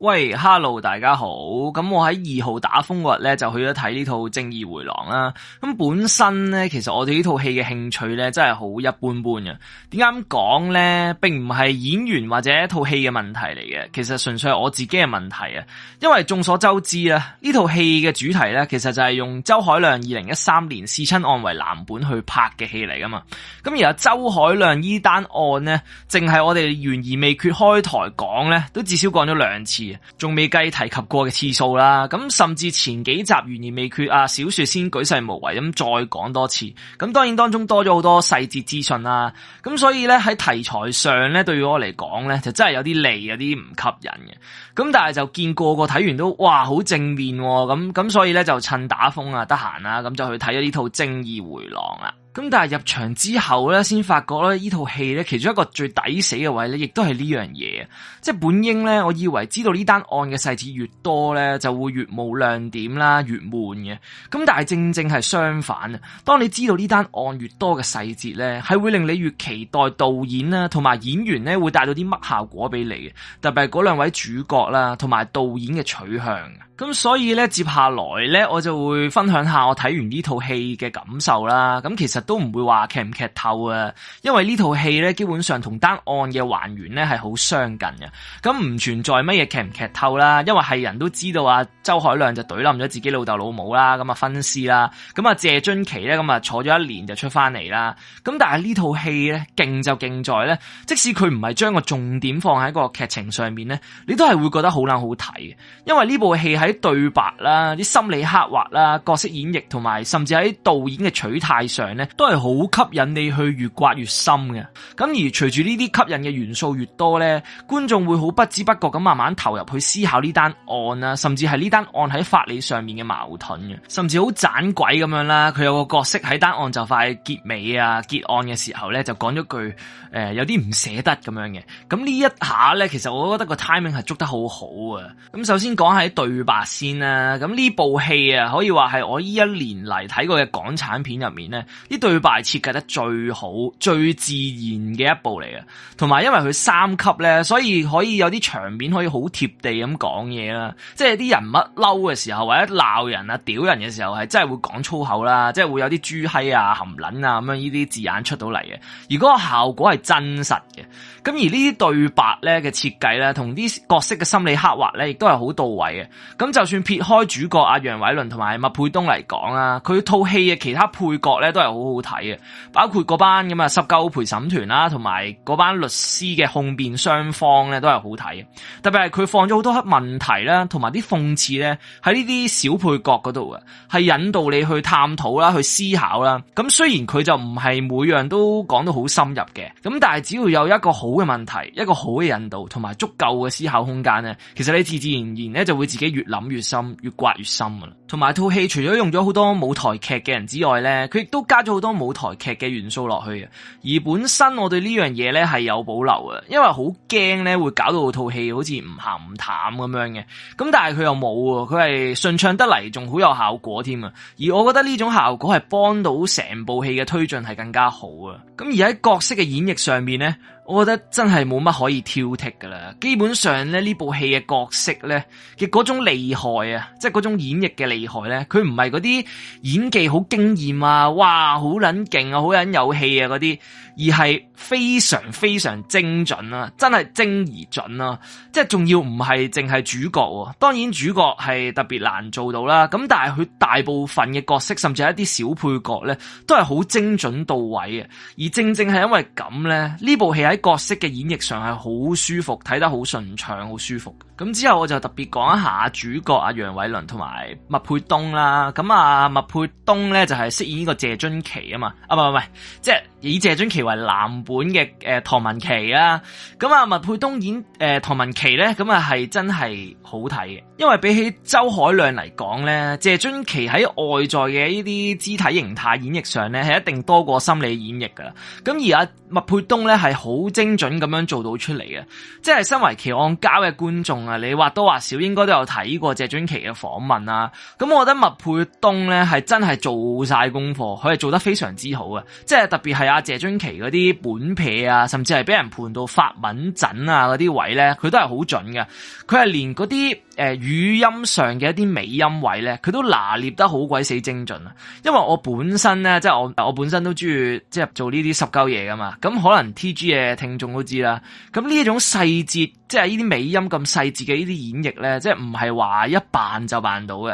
喂，哈 o 大家好。咁我喺二號打風日咧就去咗睇呢套《正義回廊》啦。咁本身呢，其實我哋呢套戲嘅興趣咧真係好一般般嘅。點解咁講呢？並唔係演員或者一套戲嘅問題嚟嘅，其實純粹係我自己嘅問題啊。因為眾所周知啦，呢套戲嘅主題呢，其實就係用周海亮二零一三年弑親案為藍本去拍嘅戲嚟噶嘛。咁而阿周海亮依單案呢，淨係我哋懸而未決，開台講呢，都至少講咗兩次。仲未計提及過嘅次數啦，咁甚至前幾集懸而未決，啊小說先舉世無遺咁再講多次，咁當然當中多咗好多細節資訊啦，咁所以呢，喺題材上呢，對於我嚟講呢，就真係有啲利，有啲唔吸引嘅，咁但係就見個個睇完都哇好正面，咁咁所以呢，就趁打風啊得閒啦，咁就去睇咗呢套《正義回廊》啊。咁但係入場之後咧，先發覺咧，呢套戲咧，其中一個最抵死嘅位咧，亦都係呢樣嘢。即係本應咧，我以為知道呢單案嘅細節越多咧，就會越冇亮點啦，越悶嘅。咁但係正正係相反啊！當你知道呢單案越多嘅細節咧，係會令你越期待導演啦，同埋演員咧會帶到啲乜效果俾你嘅，特別係嗰兩位主角啦，同埋導演嘅取向。咁所以呢，接下來呢，我就會分享下我睇完呢套戲嘅感受啦。咁其實都唔會話劇唔劇透啊，因為呢套戲呢，基本上同單案嘅還原呢係好相近嘅，咁唔存在乜嘢劇唔劇透啦，因為係人都知道啊。周海亮就懟冧咗自己老豆老母啦，咁啊分屍啦，咁啊謝津奇咧咁啊坐咗一年就出翻嚟啦，咁但係呢套戲咧勁就勁在咧，即使佢唔係將個重點放喺個劇情上面咧，你都係會覺得好撚好睇嘅，因為呢部戲喺對白啦、啲心理刻畫啦、角色演繹同埋甚至喺導演嘅取態上咧，都係好吸引你去越刮越深嘅。咁而隨住呢啲吸引嘅元素越多咧，觀眾會好不知不覺咁慢慢投入去思考呢單案啦，甚至係呢單。單案喺法理上面嘅矛盾嘅，甚至好盞鬼咁樣啦。佢有個角色喺單案就快結尾啊結案嘅時候咧，就講咗句誒，有啲唔捨得咁樣嘅。咁呢一下咧，其實我覺得個 timing 係捉得好好啊。咁首先講下對白先啦。咁呢部戲啊，可以話係我呢一年嚟睇過嘅港產片入面咧，啲對白設計得最好、最自然嘅一部嚟嘅。同埋因為佢三級咧，所以可以有啲場面可以好貼地咁講嘢啦。即係啲人物。嬲嘅時候或者鬧人啊、屌人嘅時候係真係會講粗口啦，即係會有啲豬閪啊、含撚啊咁樣呢啲字眼出到嚟嘅。如果效果係真實嘅，咁而呢啲對白咧嘅設計咧，同啲角色嘅心理刻畫咧，亦都係好到位嘅。咁就算撇開主角阿楊偉倫同埋麥沛東嚟講啊，佢套戲嘅其他配角咧都係好好睇嘅，包括嗰班咁啊十九陪審團啦，同埋嗰班律師嘅控辯雙方咧都係好睇嘅。特別係佢放咗好多問題啦，同埋啲諷刺。喺呢啲小配角嗰度啊，係引導你去探討啦，去思考啦。咁雖然佢就唔係每樣都講得好深入嘅，咁但係只要有一個好嘅問題，一個好嘅引導，同埋足夠嘅思考空間咧，其實你自自然然咧就會自己越諗越深，越刮越深噶啦。同埋套戲除咗用咗好多舞台劇嘅人之外咧，佢亦都加咗好多舞台劇嘅元素落去嘅。而本身我對呢樣嘢咧係有保留嘅，因為好驚咧會搞到套戲好似唔咸唔淡咁樣嘅。咁但係佢又冇。佢係順暢得嚟，仲好有效果添啊！而我覺得呢種效果係幫到成部戲嘅推進係更加好啊！咁而喺角色嘅演繹上面咧，我覺得真係冇乜可以挑剔噶啦，基本上咧呢部戲嘅角色咧嘅嗰種厲害啊，即係嗰種演繹嘅厲害咧，佢唔係嗰啲演技好驚艷啊，哇好卵勁啊，好卵有戲啊嗰啲，而係非常非常精準啊，真係精而準啊，即係仲要唔係淨係主角喎、啊，當然主角係特別難做到啦，咁但係佢大部分嘅角色，甚至係一啲小配角咧，都係好精準到位嘅，而正正係因為咁咧，呢部戲喺角色嘅演繹上係好舒服，睇得好順暢，好舒服。咁之後我就特別講一下主角阿楊偉倫同埋麥沛東啦。咁啊麥沛東咧就係、是、飾演呢個謝津奇啊嘛。啊唔係，唔係，即係。就是以謝尊琪為藍本嘅誒、呃、唐文奇啊，咁啊麥沛東演誒、呃、唐文奇咧，咁啊係真係好睇嘅，因為比起周凱亮嚟講咧，謝尊琪喺外在嘅呢啲肢體形態演繹上咧係一定多過心理演繹噶啦，咁而阿麥沛東咧係好精準咁樣做到出嚟嘅，即係身為奇案家嘅觀眾啊，你或多或少應該都有睇過謝尊琪嘅訪問啊。咁我覺得麥沛東咧係真係做晒功課，佢係做得非常之好啊，即係特別係。啊謝津奇啲本撇啊，甚至係俾人判到發穩、啊、準啊啲位咧，佢都係好準嘅。佢係連啲誒語音上嘅一啲尾音位咧，佢都拿捏得好鬼死精準啊！因為我本身咧，即係我我本身都中意即係做呢啲濕鳩嘢噶嘛。咁可能 T G 嘅聽眾都知啦。咁呢一種細節，即係呢啲尾音咁細節嘅呢啲演繹咧，即係唔係話一扮就扮到嘅。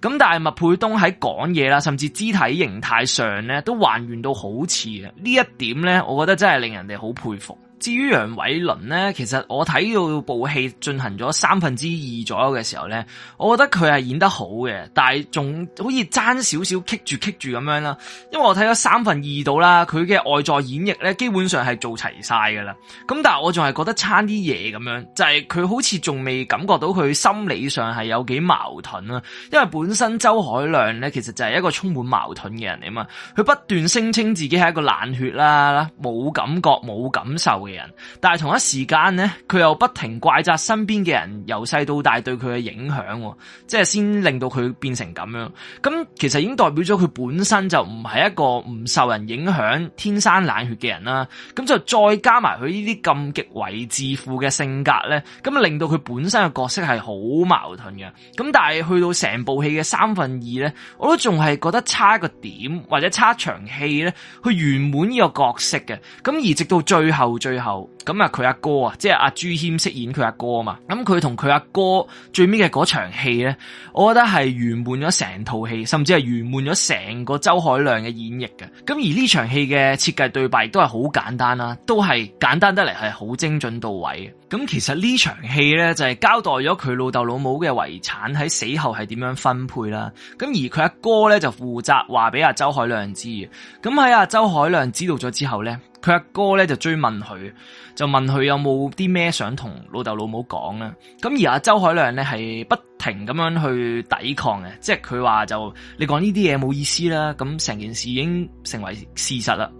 咁但係麥沛東喺講嘢啦，甚至肢體形態上咧，都還原到好似啊！呢一點咧，我覺得真係令人哋好佩服。至於楊偉倫呢，其實我睇到部戲進行咗三分之二左右嘅時候呢，我覺得佢係演得好嘅，但係仲好似爭少少棘住棘住咁樣啦。因為我睇咗三分二度啦，佢嘅外在演繹呢，基本上係做齊曬㗎啦。咁但係我仲係覺得差啲嘢咁樣，就係、是、佢好似仲未感覺到佢心理上係有幾矛盾啦。因為本身周凱亮呢，其實就係一個充滿矛盾嘅人嚟嘛，佢不斷聲稱自己係一個冷血啦、冇感覺冇感受嘅人，但係同一時間呢，佢又不停怪責身邊嘅人，由細到大對佢嘅影響，即係先令到佢變成咁樣。咁其實已經代表咗佢本身就唔係一個唔受人影響、天生冷血嘅人啦。咁就再加埋佢呢啲咁極為自負嘅性格呢，咁令到佢本身嘅角色係好矛盾嘅。咁但係去到成部戲嘅三分二呢，我都仲係覺得差一個點或者差場戲呢，去圓滿呢個角色嘅。咁而直到最後最後。後咁啊，佢阿哥啊，即係阿朱謙飾演佢阿哥啊嘛。咁佢同佢阿哥最尾嘅嗰場戲咧，我覺得係圓滿咗成套戲，甚至係圓滿咗成個周凱亮嘅演繹嘅。咁而呢場戲嘅設計對白都係好簡單啦，都係簡單得嚟係好精準到位嘅。咁其實呢場戲咧就係交代咗佢老豆老母嘅遺產喺死後係點樣分配啦。咁而佢阿哥咧就負責話俾阿周凱亮知。咁喺阿周凱亮知道咗之後咧，佢阿哥咧就追問佢，就問佢有冇啲咩想同老豆老母講啦。咁而阿周凱亮咧係不停咁樣去抵抗嘅，即係佢話，就你講呢啲嘢冇意思啦。咁成件事已經成為事實啦。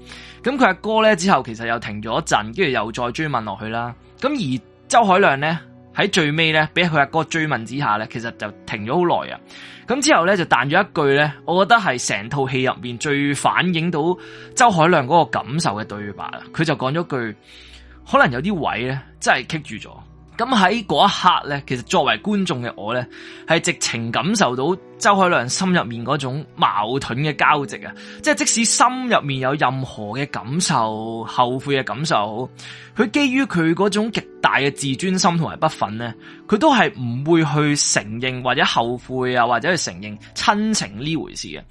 咁佢阿哥咧之後其實又停咗一陣，跟住又再追問落去啦。咁而周凱亮咧。喺最尾咧，俾佢阿哥追問之下咧，其實就停咗好耐啊。咁之後咧就彈咗一句咧，我覺得係成套戲入面最反映到周凱亮嗰個感受嘅對白啦。佢就講咗句，可能有啲位咧真係棘住咗。咁喺嗰一刻咧，其實作為觀眾嘅我咧，係直情感受到周凱亮心入面嗰種矛盾嘅交集啊！即係即使心入面有任何嘅感受、後悔嘅感受，佢基於佢嗰種極大嘅自尊心同埋不忿呢，佢都係唔會去承認或者後悔啊，或者去承認親情呢回事嘅。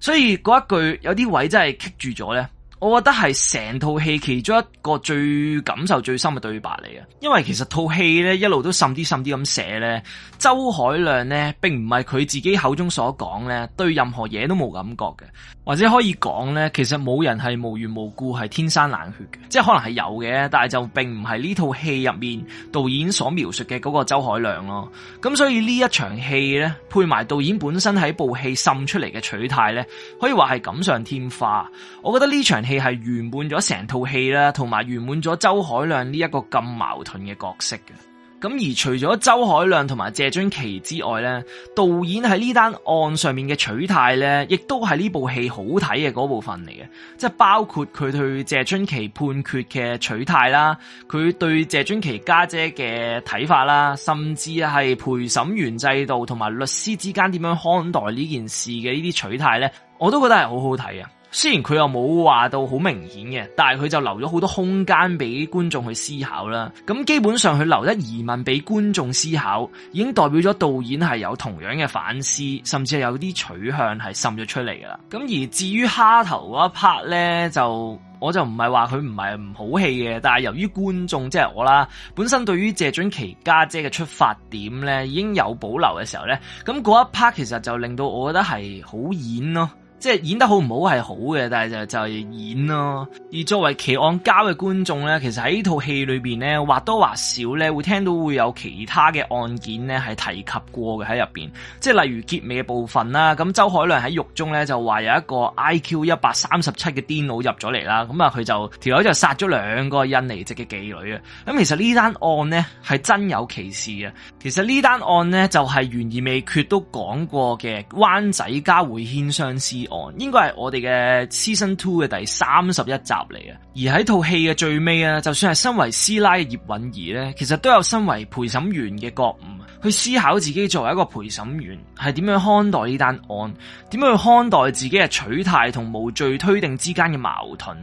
所以嗰一句有啲位真係棘住咗咧。我覺得係成套戲其中一個最感受最深嘅對白嚟嘅，因為其實套戲咧一路都滲啲滲啲咁寫咧，周凱亮咧並唔係佢自己口中所講咧對任何嘢都冇感覺嘅，或者可以講咧其實冇人係無緣無故係天生冷血嘅，即係可能係有嘅，但係就並唔係呢套戲入面導演所描述嘅嗰個周凱亮咯。咁所以呢一場戲咧配埋導演本身喺部戲滲出嚟嘅取態咧，可以話係錦上添花。我覺得呢場戲。戲係圓滿咗成套戲啦，同埋圓滿咗周凱亮呢一個咁矛盾嘅角色嘅。咁而除咗周凱亮同埋謝春琪之外咧，導演喺呢單案上面嘅取態咧，亦都係呢部戲好睇嘅嗰部分嚟嘅。即係包括佢對謝春琪判決嘅取態啦，佢對謝春琪家姐嘅睇法啦，甚至係陪審員制度同埋律師之間點樣看待呢件事嘅呢啲取態咧，我都覺得係好好睇啊！雖然佢又冇話到好明顯嘅，但係佢就留咗好多空間俾觀眾去思考啦。咁基本上佢留得疑問俾觀眾思考，已經代表咗導演係有同樣嘅反思，甚至係有啲取向係滲咗出嚟噶啦。咁而至於蝦頭嗰一 part 咧，就我就唔係話佢唔係唔好戲嘅，但係由於觀眾即係我啦，本身對於謝臻麒家姐嘅出發點咧已經有保留嘅時候咧，咁嗰一 part 其實就令到我覺得係好演咯。即係演得好唔好係好嘅，但係就就係演咯。而作為奇案家嘅觀眾咧，其實喺呢套戲裏邊咧，或多或少咧會聽到會有其他嘅案件咧係提及過嘅喺入邊，即係例如結尾嘅部分啦。咁周凱亮喺獄中咧就話有一個 I.Q. 一百三十七嘅癲腦入咗嚟啦。咁啊，佢就條女就殺咗兩個印尼籍嘅妓女啊。咁其實呢單案咧係真有其事啊。其實呢單案咧就係懸而未決都講過嘅灣仔嘉薈軒雙屍。應該係我哋嘅 Season Two 嘅第三十一集嚟嘅，而喺套戲嘅最尾啊，就算係身為師奶嘅葉允儀咧，其實都有身為陪審員嘅覺悟，去思考自己作為一個陪審員係點樣看待呢單案，點樣去看待自己嘅取態同無罪推定之間嘅矛盾。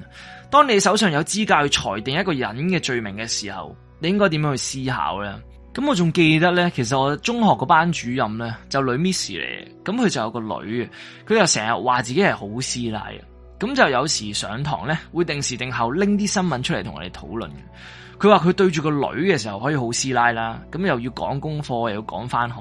當你手上有資格去裁定一個人嘅罪名嘅時候，你應該點樣去思考呢？咁我仲記得咧，其實我中學個班主任咧就女 Miss 嚟，咁佢就有個女嘅，佢又成日話自己係好師奶，咁就有時上堂咧會定時定候拎啲新聞出嚟同我哋討論。佢話佢對住個女嘅時候可以好師奶啦，咁又要講功課，又要講翻學。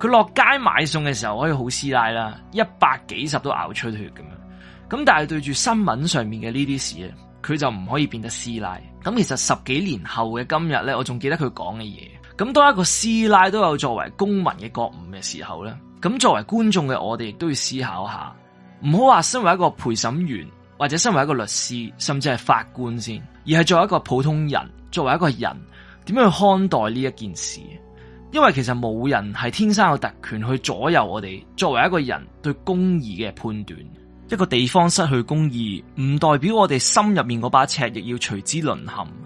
佢落街買餸嘅時候可以好師奶啦，一百幾十都咬出血咁樣。咁但係對住新聞上面嘅呢啲事咧，佢就唔可以變得師奶。咁其實十幾年後嘅今日咧，我仲記得佢講嘅嘢。咁當一個師奶都有作為公民嘅覺悟嘅時候咧，咁作為觀眾嘅我哋亦都要思考下，唔好話身為一個陪審員或者身為一個律師，甚至係法官先，而係作為一個普通人，作為一個人，點樣去看待呢一件事？因為其實冇人係天生有特權去左右我哋，作為一個人對公義嘅判斷，一個地方失去公義，唔代表我哋心入面嗰把尺亦要隨之淪陷。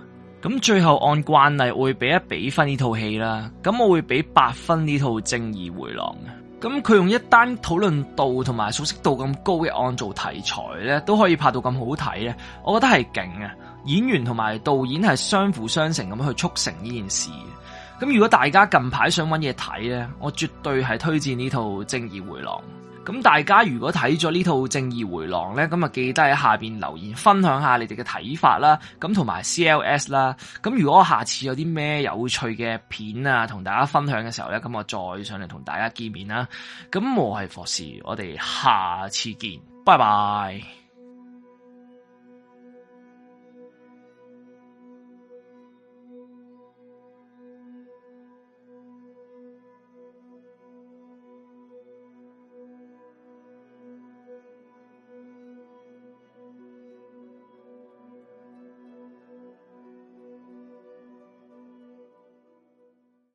咁最後按慣例我會俾一比分呢套戲啦，咁我會俾八分呢套《正義回廊》。咁佢用一單討論度同埋熟悉度咁高嘅案做題材呢，都可以拍到咁好睇呢，我覺得係勁啊！演員同埋導演係相輔相成咁去促成呢件事。咁如果大家近排想搵嘢睇呢，我絕對係推薦呢套《正義回廊》。咁大家如果睇咗呢套《正義回廊》咧，咁啊記得喺下邊留言分享下你哋嘅睇法啦，咁同埋 CLS 啦。咁如果下次有啲咩有趣嘅片啊，同大家分享嘅時候咧，咁我再上嚟同大家見面啦。咁我係霍士，我哋下次見，拜拜。